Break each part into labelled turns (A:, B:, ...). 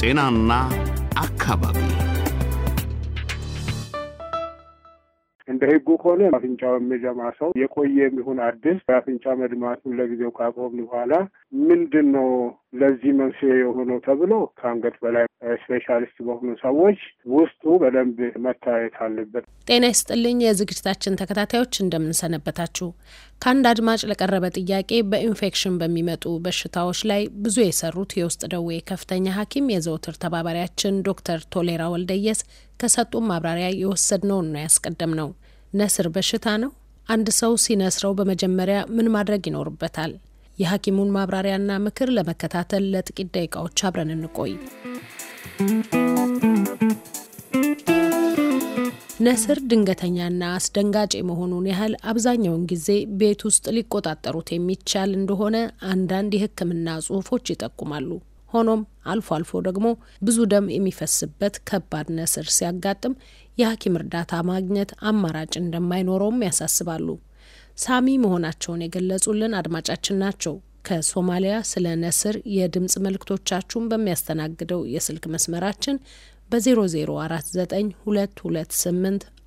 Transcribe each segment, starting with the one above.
A: ጤናና አካባቢ
B: እንደ ህጉ ከሆነ አፍንጫው የሚደማ ሰው የቆየ የሚሆን አዲስ በአፍንጫ መድማቱን ለጊዜው ካቆም በኋላ ምንድን ነው ለዚህ መንስኤ የሆነው ተብሎ ከአንገት በላይ ስፔሻሊስት በሆኑ ሰዎች ውስጡ በደንብ መታየት አለበት።
A: ጤና ይስጥልኝ የዝግጅታችን ተከታታዮች እንደምንሰነበታችሁ። ከአንድ አድማጭ ለቀረበ ጥያቄ በኢንፌክሽን በሚመጡ በሽታዎች ላይ ብዙ የሰሩት የውስጥ ደዌ ከፍተኛ ሐኪም የዘውትር ተባባሪያችን ዶክተር ቶሌራ ወልደየስ ከሰጡ ማብራሪያ የወሰድነውን ነው ያስቀደም ነው። ነስር በሽታ ነው። አንድ ሰው ሲነስረው በመጀመሪያ ምን ማድረግ ይኖርበታል? የሐኪሙን ማብራሪያና ምክር ለመከታተል ለጥቂት ደቂቃዎች አብረን እንቆይ። ነስር ድንገተኛና አስደንጋጭ መሆኑን ያህል አብዛኛውን ጊዜ ቤት ውስጥ ሊቆጣጠሩት የሚቻል እንደሆነ አንዳንድ የሕክምና ጽሁፎች ይጠቁማሉ። ሆኖም አልፎ አልፎ ደግሞ ብዙ ደም የሚፈስበት ከባድ ነስር ሲያጋጥም የሐኪም እርዳታ ማግኘት አማራጭ እንደማይኖረውም ያሳስባሉ። ሳሚ መሆናቸውን የገለጹልን አድማጫችን ናቸው። ከሶማሊያ ስለ ነስር የድምፅ መልእክቶቻችሁን በሚያስተናግደው የስልክ መስመራችን በ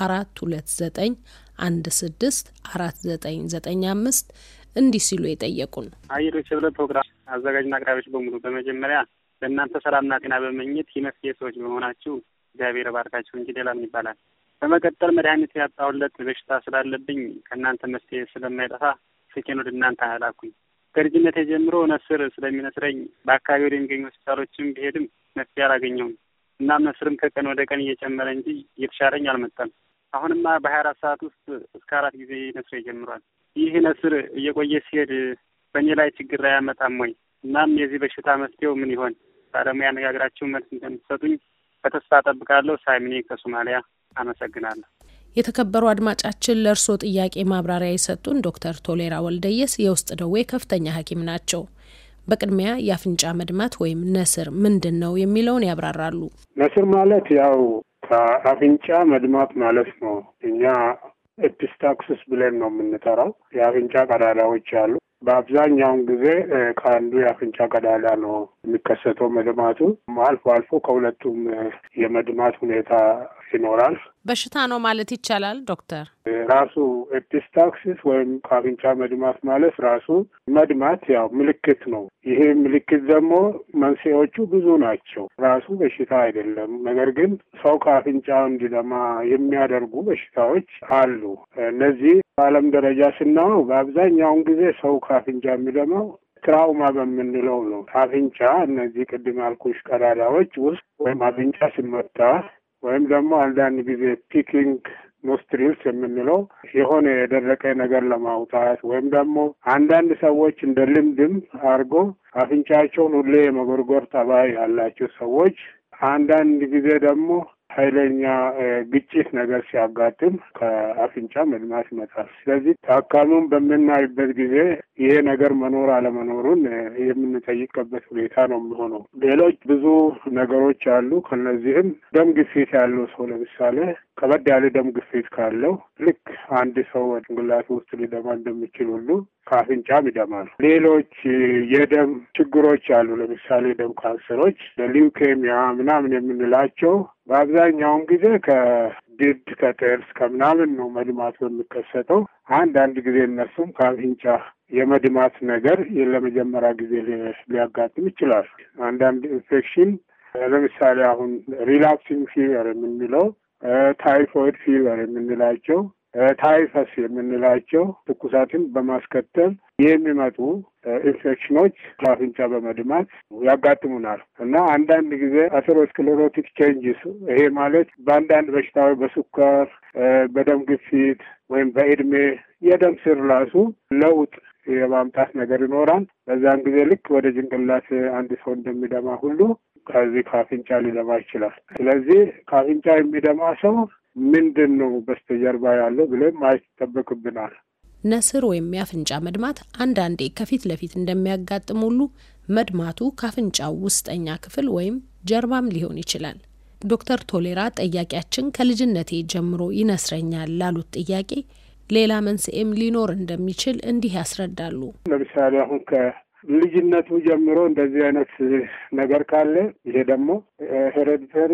A: 4995 እንዲህ ሲሉ የጠየቁን
B: አየሮች ህብረ ፕሮግራም አዘጋጅና አቅራቢዎች በሙሉ በመጀመሪያ ለእናንተ ሰላምና ጤና በመኘት የመፍትሄ ሰዎች በመሆናችሁ እግዚአብሔር ባርካችሁ እንጂ ይባላል? በመቀጠል መድኃኒት ያጣሁለት በሽታ ስላለብኝ ከእናንተ መፍትሄ ስለማይጠፋ ስልኬን ወደ እናንተ አላኩኝ። ከልጅነቴ ጀምሮ ነስር ስለሚነስረኝ በአካባቢ ወደሚገኙ ሆስፒታሎችም ብሄድም መፍትሄ አላገኘውም። እናም ነስርም ከቀን ወደ ቀን እየጨመረ እንጂ እየተሻለኝ አልመጣም። አሁንማ በሀያ አራት ሰዓት ውስጥ እስከ አራት ጊዜ ነስሬ ጀምሯል። ይህ ነስር እየቆየ ሲሄድ በእኔ ላይ ችግር አመጣም ወይ? እናም የዚህ በሽታ መፍትሄው ምን ይሆን? ባለሙያ አነጋግራችሁ መልስ እንደምትሰጡኝ በተስፋ ጠብቃለሁ። ሳሚኔ ከሶማሊያ አመሰግናለሁ።
A: የተከበሩ አድማጫችን ለእርስዎ ጥያቄ ማብራሪያ የሰጡን ዶክተር ቶሌራ ወልደየስ የውስጥ ደዌ ከፍተኛ ሐኪም ናቸው። በቅድሚያ የአፍንጫ መድማት ወይም ነስር ምንድን ነው የሚለውን ያብራራሉ።
B: ነስር ማለት ያው ከአፍንጫ መድማት ማለት ነው። እኛ ኤፒስታክስስ ብለን ነው የምንጠራው። የአፍንጫ ቀዳዳዎች አሉ። በአብዛኛውን ጊዜ ከአንዱ የአፍንጫ ቀዳዳ ነው የሚከሰተው መድማቱ። አልፎ አልፎ ከሁለቱም የመድማት ሁኔታ ይኖራል።
A: በሽታ ነው ማለት ይቻላል ዶክተር።
B: ራሱ ኤፒስታክሲስ ወይም ከአፍንጫ መድማት ማለት ራሱ መድማት ያው ምልክት ነው። ይሄ ምልክት ደግሞ መንስኤዎቹ ብዙ ናቸው። ራሱ በሽታ አይደለም። ነገር ግን ሰው ከአፍንጫው እንዲለማ የሚያደርጉ በሽታዎች አሉ። እነዚህ በዓለም ደረጃ ስናየው በአብዛኛውን ጊዜ ሰው ከአፍንጫ የሚለማው ትራውማ በምንለው ነው። አፍንጫ እነዚህ ቅድም ያልኩሽ ቀዳዳዎች ውስጥ ወይም አፍንጫ ሲመታ ወይም ደግሞ አንዳንድ ጊዜ ፒኪንግ ኖስትሪልስ የምንለው የሆነ የደረቀ ነገር ለማውጣት ወይም ደግሞ አንዳንድ ሰዎች እንደ ልምድም አድርጎ አፍንጫቸውን ሁሌ የመጎርጎር ጠባይ ያላቸው ሰዎች አንዳንድ ጊዜ ደግሞ ኃይለኛ ግጭት ነገር ሲያጋጥም ከአፍንጫ መድማት ይመጣል። ስለዚህ ታካሚውን በምናይበት ጊዜ ይሄ ነገር መኖር አለመኖሩን የምንጠይቅበት ሁኔታ ነው የሚሆነው። ሌሎች ብዙ ነገሮች አሉ። ከነዚህም ደም ግፊት ያለው ሰው ለምሳሌ ከበድ ያለ ደም ግፊት ካለው ልክ አንድ ሰው ጭንቅላቱ ውስጥ ሊደማ እንደሚችል ሁሉ ከአፍንጫም ይደማል። ሌሎች የደም ችግሮች አሉ። ለምሳሌ ደም ካንሰሮች፣ ሊውኬሚያ ምናምን የምንላቸው በአብዛኛውን ጊዜ ከድድ ከጥርስ ከምናምን ነው መድማት በሚከሰተው። አንዳንድ ጊዜ እነሱም ከአፍንጫ የመድማት ነገር ለመጀመሪያ ጊዜ ሊያጋጥም ይችላል። አንዳንድ ኢንፌክሽን ለምሳሌ አሁን ሪላፕሲንግ ፊቨር የምንለው ታይፎይድ ፊቨር የምንላቸው ታይፈስ የምንላቸው ትኩሳትን በማስከተል የሚመጡ ኢንፌክሽኖች አፍንጫ በመድማት ያጋጥሙናል እና አንዳንድ ጊዜ አተሮስክሌሮቲክ ቼንጅስ ይሄ ማለት በአንዳንድ በሽታዎች በስኳር፣ በደም ግፊት ወይም በእድሜ የደም ስር ራሱ ለውጥ የማምጣት ነገር ይኖራል። በዛን ጊዜ ልክ ወደ ጭንቅላት አንድ ሰው እንደሚደማ ሁሉ ከዚህ ከአፍንጫ ሊደማ ይችላል። ስለዚህ ከአፍንጫ የሚደማ ሰው ምንድን ነው በስተጀርባ ያለው ብለን ማየት ይጠበቅብናል።
A: ነስር ወይም የአፍንጫ መድማት አንዳንዴ ከፊት ለፊት እንደሚያጋጥም ሁሉ መድማቱ ከአፍንጫው ውስጠኛ ክፍል ወይም ጀርባም ሊሆን ይችላል። ዶክተር ቶሌራ ጠያቂያችን ከልጅነቴ ጀምሮ ይነስረኛል ላሉት ጥያቄ ሌላ መንስኤም ሊኖር እንደሚችል እንዲህ ያስረዳሉ።
B: ለምሳሌ አሁን ልጅነቱ ጀምሮ እንደዚህ አይነት ነገር ካለ ይሄ ደግሞ ሄሬዲተሪ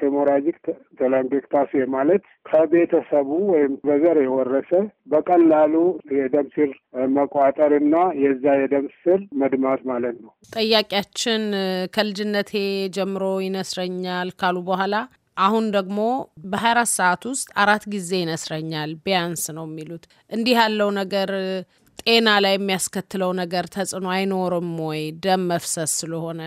B: ሄሞራጂክ ተላንጌክታሴ ማለት ከቤተሰቡ ወይም በዘር የወረሰ በቀላሉ የደም ስር መቋጠር እና የዛ የደም ስር መድማት ማለት ነው።
A: ጠያቂያችን ከልጅነቴ ጀምሮ ይነስረኛል ካሉ በኋላ አሁን ደግሞ በ24 ሰዓት ውስጥ አራት ጊዜ ይነስረኛል ቢያንስ ነው የሚሉት። እንዲህ ያለው ነገር ጤና ላይ የሚያስከትለው ነገር ተጽዕኖ አይኖርም ወይ? ደም መፍሰስ ስለሆነ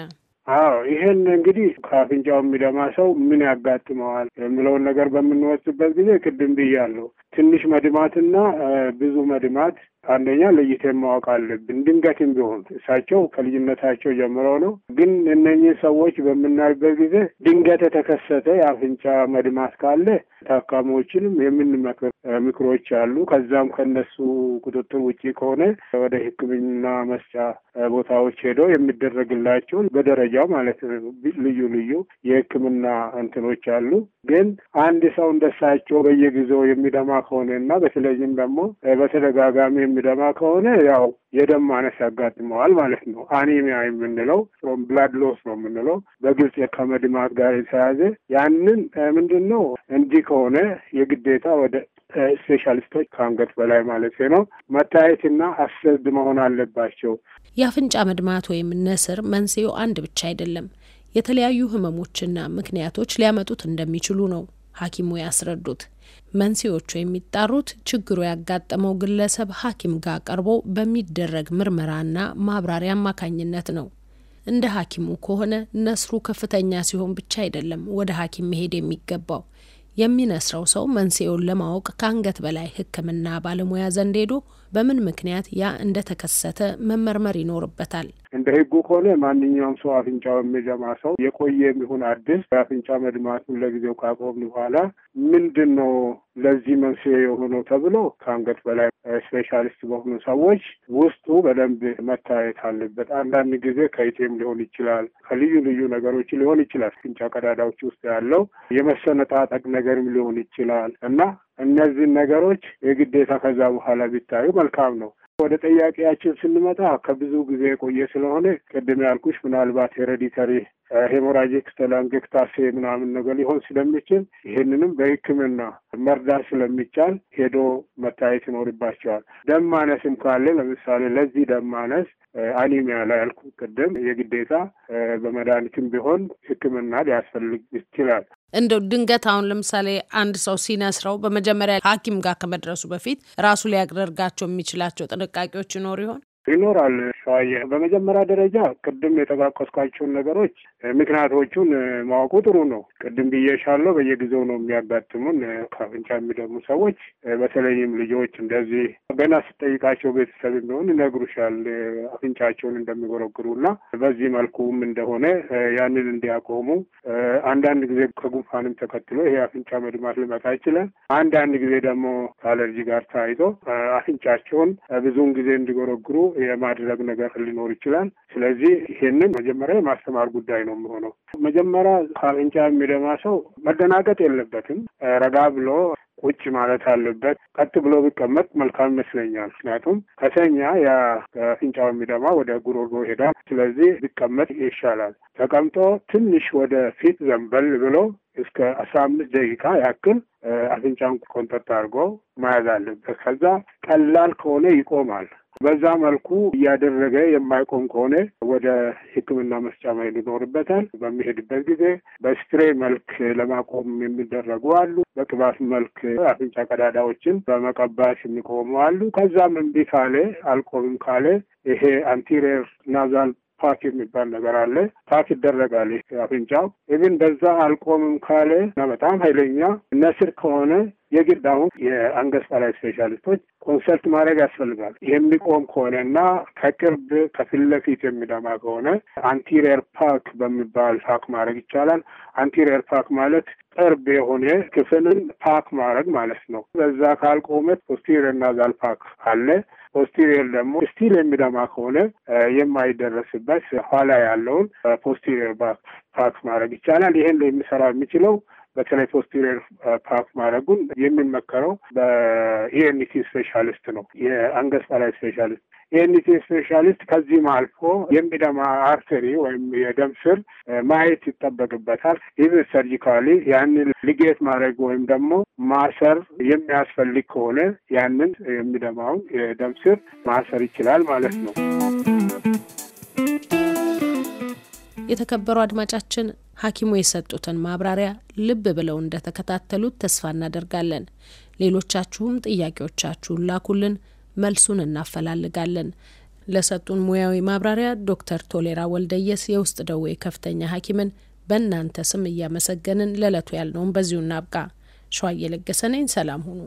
B: አዎ ይሄን እንግዲህ ከአፍንጫው የሚደማ ሰው ምን ያጋጥመዋል የሚለውን ነገር በምንወስድበት ጊዜ ቅድም ብያለሁ። ትንሽ መድማትና ብዙ መድማት አንደኛ ለይቴ ማወቅ አለብን። ድንገትም ቢሆን እሳቸው ከልጅነታቸው ጀምረው ነው። ግን እነኚህ ሰዎች በምናይበት ጊዜ ድንገት የተከሰተ የአፍንጫ መድማት ካለ ታካሚዎችንም የምንመክር ምክሮች አሉ። ከዛም ከነሱ ቁጥጥር ውጭ ከሆነ ወደ ሕክምና መስጫ ቦታዎች ሄደው የሚደረግላቸውን በደረጃው ማለት ልዩ ልዩ የሕክምና እንትኖች አሉ። ግን አንድ ሰው እንደሳቸው በየጊዜው የሚደማ ከሆነ እና በተለይም ደግሞ በተደጋጋሚ የሚደማ ከሆነ ያው የደም ማነስ ያጋጥመዋል ማለት ነው። አኒሚያ የምንለው ብላድ ሎስ ነው የምንለው በግልጽ ከመድማት ጋር የተያያዘ ያንን ምንድን ነው እንዲህ ከሆነ የግዴታ ወደ ስፔሻሊስቶች ከአንገት በላይ ማለት ነው መታየትና አስረድ መሆን አለባቸው።
A: የአፍንጫ መድማት ወይም ነስር መንስኤው አንድ ብቻ አይደለም። የተለያዩ ህመሞችና ምክንያቶች ሊያመጡት እንደሚችሉ ነው ሐኪሙ ያስረዱት። መንስኤዎቹ የሚጣሩት ችግሩ ያጋጠመው ግለሰብ ሐኪም ጋር ቀርቦ በሚደረግ ምርመራና ማብራሪያ አማካኝነት ነው። እንደ ሐኪሙ ከሆነ ነስሩ ከፍተኛ ሲሆን ብቻ አይደለም ወደ ሐኪም መሄድ የሚገባው። የሚነስረው ሰው መንስኤውን ለማወቅ ከአንገት በላይ ሕክምና ባለሙያ ዘንድ ሄዶ በምን ምክንያት ያ እንደተከሰተ መመርመር ይኖርበታል።
B: እንደ ህጉ ከሆነ ማንኛውም ሰው አፍንጫ የሚደማ ሰው የቆየ የሚሆን አዲስ አፍንጫ መድማቱን ለጊዜው ካቆም በኋላ ምንድን ነው ለዚህ መንስኤ የሆነው ተብሎ ከአንገት በላይ ስፔሻሊስት በሆኑ ሰዎች ውስጡ በደንብ መታየት አለበት። አንዳንድ ጊዜ ከኢቴም ሊሆን ይችላል፣ ከልዩ ልዩ ነገሮች ሊሆን ይችላል። አፍንጫ ቀዳዳዎች ውስጥ ያለው የመሰነጣጠቅ ነገርም ሊሆን ይችላል እና እነዚህን ነገሮች የግዴታ ከዛ በኋላ ቢታዩ መልካም ነው። ወደ ጠያቄያችን ስንመጣ ከብዙ ጊዜ የቆየ ስለሆነ ቅድም ያልኩሽ ምናልባት ሄረዲተሪ ሄሞራጂክ ተላንጌክታሴ ምናምን ነገር ሊሆን ስለሚችል ይህንንም በሕክምና መርዳት ስለሚቻል ሄዶ መታየት ይኖርባቸዋል። ደም ማነስም ካለ ለምሳሌ ለዚህ ደም ማነስ አኒሚያ ላይ ያልኩ ቅድም የግዴታ በመድኃኒትም ቢሆን ሕክምና ሊያስፈልግ ይችላል።
A: እንደው ድንገት አሁን ለምሳሌ አንድ ሰው ሲነስረው በመጀመሪያ ሐኪም ጋር ከመድረሱ በፊት ራሱ ሊያደርጋቸው የሚችላቸው ጥንቃቄዎች ይኖሩ ይሆን?
B: ይኖራል ሸዋዬ። በመጀመሪያ ደረጃ ቅድም የጠቃቀስኳቸውን ነገሮች ምክንያቶቹን ማወቁ ጥሩ ነው። ቅድም ብዬሻለሁ፣ በየጊዜው ነው የሚያጋጥሙን ከአፍንጫ የሚደሙ ሰዎች፣ በተለይም ልጆች እንደዚህ ገና ስጠይቃቸው ቤተሰብ ቢሆን ይነግሩሻል አፍንጫቸውን እና በዚህ መልኩም እንደሆነ ያንን እንዲያቆሙ። አንዳንድ ጊዜ ከጉንፋንም ተከትሎ ይሄ አፍንጫ መድማት ሊመጣ ይችላል። አንዳንድ ጊዜ ደግሞ ከአለርጂ ጋር ተያይዞ አፍንጫቸውን ብዙውን ጊዜ እንዲጎረግሩ የማድረግ ነገር ሊኖር ይችላል። ስለዚህ ይሄንን መጀመሪያ የማስተማር ጉዳይ ነው የሚሆነው። መጀመሪያ አፍንጫ የሚደማ ሰው መደናገጥ የለበትም። ረጋ ብሎ ቁጭ ማለት አለበት። ቀጥ ብሎ ቢቀመጥ መልካም ይመስለኛል። ምክንያቱም ከተኛ የአፍንጫው የሚደማ ወደ ጉሮሮ ይሄዳል። ስለዚህ ቢቀመጥ ይሻላል። ተቀምጦ ትንሽ ወደ ፊት ዘንበል ብሎ እስከ አስራ አምስት ደቂቃ ያክል አፍንጫን ቆንጠጥ አድርጎ መያዝ አለበት። ከዛ ቀላል ከሆነ ይቆማል። በዛ መልኩ እያደረገ የማይቆም ከሆነ ወደ ሕክምና መስጫ መሄድ ይኖርበታል። በሚሄድበት ጊዜ በስፕሬ መልክ ለማቆም የሚደረጉ አሉ። በቅባት መልክ አፍንጫ ቀዳዳዎችን በመቀባት የሚቆሙ አሉ። ከዛም እምቢ ካለ አልቆምም ካለ ይሄ አንቲሪየር ናዛል ፓክ የሚባል ነገር አለ። ፓክ ይደረጋል አፍንጫው። ኢቭን በዛ አልቆምም ካለ እና በጣም ኃይለኛ ነስር ከሆነ የግድ አሁን የአንገት በላይ ስፔሻሊስቶች ኮንሰልት ማድረግ ያስፈልጋል። የሚቆም ከሆነ እና ከቅርብ ከፊት ለፊት የሚደማ ከሆነ አንቲሪየር ፓክ በሚባል ፓክ ማድረግ ይቻላል። አንቲሪየር ፓክ ማለት ቅርብ የሆነ ክፍልን ፓክ ማድረግ ማለት ነው። በዛ ካልቆመት ፖስቴሪየር ዛል ፓክ አለ። ፖስቴሪየር ደግሞ ስቲል የሚደማ ከሆነ የማይደረስበት ኋላ ያለውን ፖስቴሪየር ባክ ፓክ ማድረግ ይቻላል። ይህን ሊሰራ የሚችለው በተለይ ፖስቴሪየር ፓፕ ማድረጉን የሚመከረው በኢኤንቲ ስፔሻሊስት ነው፣ የአንገት በላይ ስፔሻሊስት የኤንቲ ስፔሻሊስት ከዚህም አልፎ የሚደማ አርተሪ ወይም የደም ስር ማየት ይጠበቅበታል። ኢቨን ሰርጂካሊ ያንን ሊጌት ማድረግ ወይም ደግሞ ማሰር የሚያስፈልግ ከሆነ ያንን የሚደማውን የደም ስር ማሰር ይችላል ማለት ነው።
A: የተከበሩ አድማጫችን ሐኪሙ የሰጡትን ማብራሪያ ልብ ብለው እንደተከታተሉት ተስፋ እናደርጋለን። ሌሎቻችሁም ጥያቄዎቻችሁን ላኩልን፣ መልሱን እናፈላልጋለን። ለሰጡን ሙያዊ ማብራሪያ ዶክተር ቶሌራ ወልደየስ የውስጥ ደዌ ከፍተኛ ሐኪምን በእናንተ ስም እያመሰገንን ለዕለቱ ያልነውን በዚሁ እናብቃ። ሸዋዬ ለገሰ ነኝ። ሰላም ሁኑ።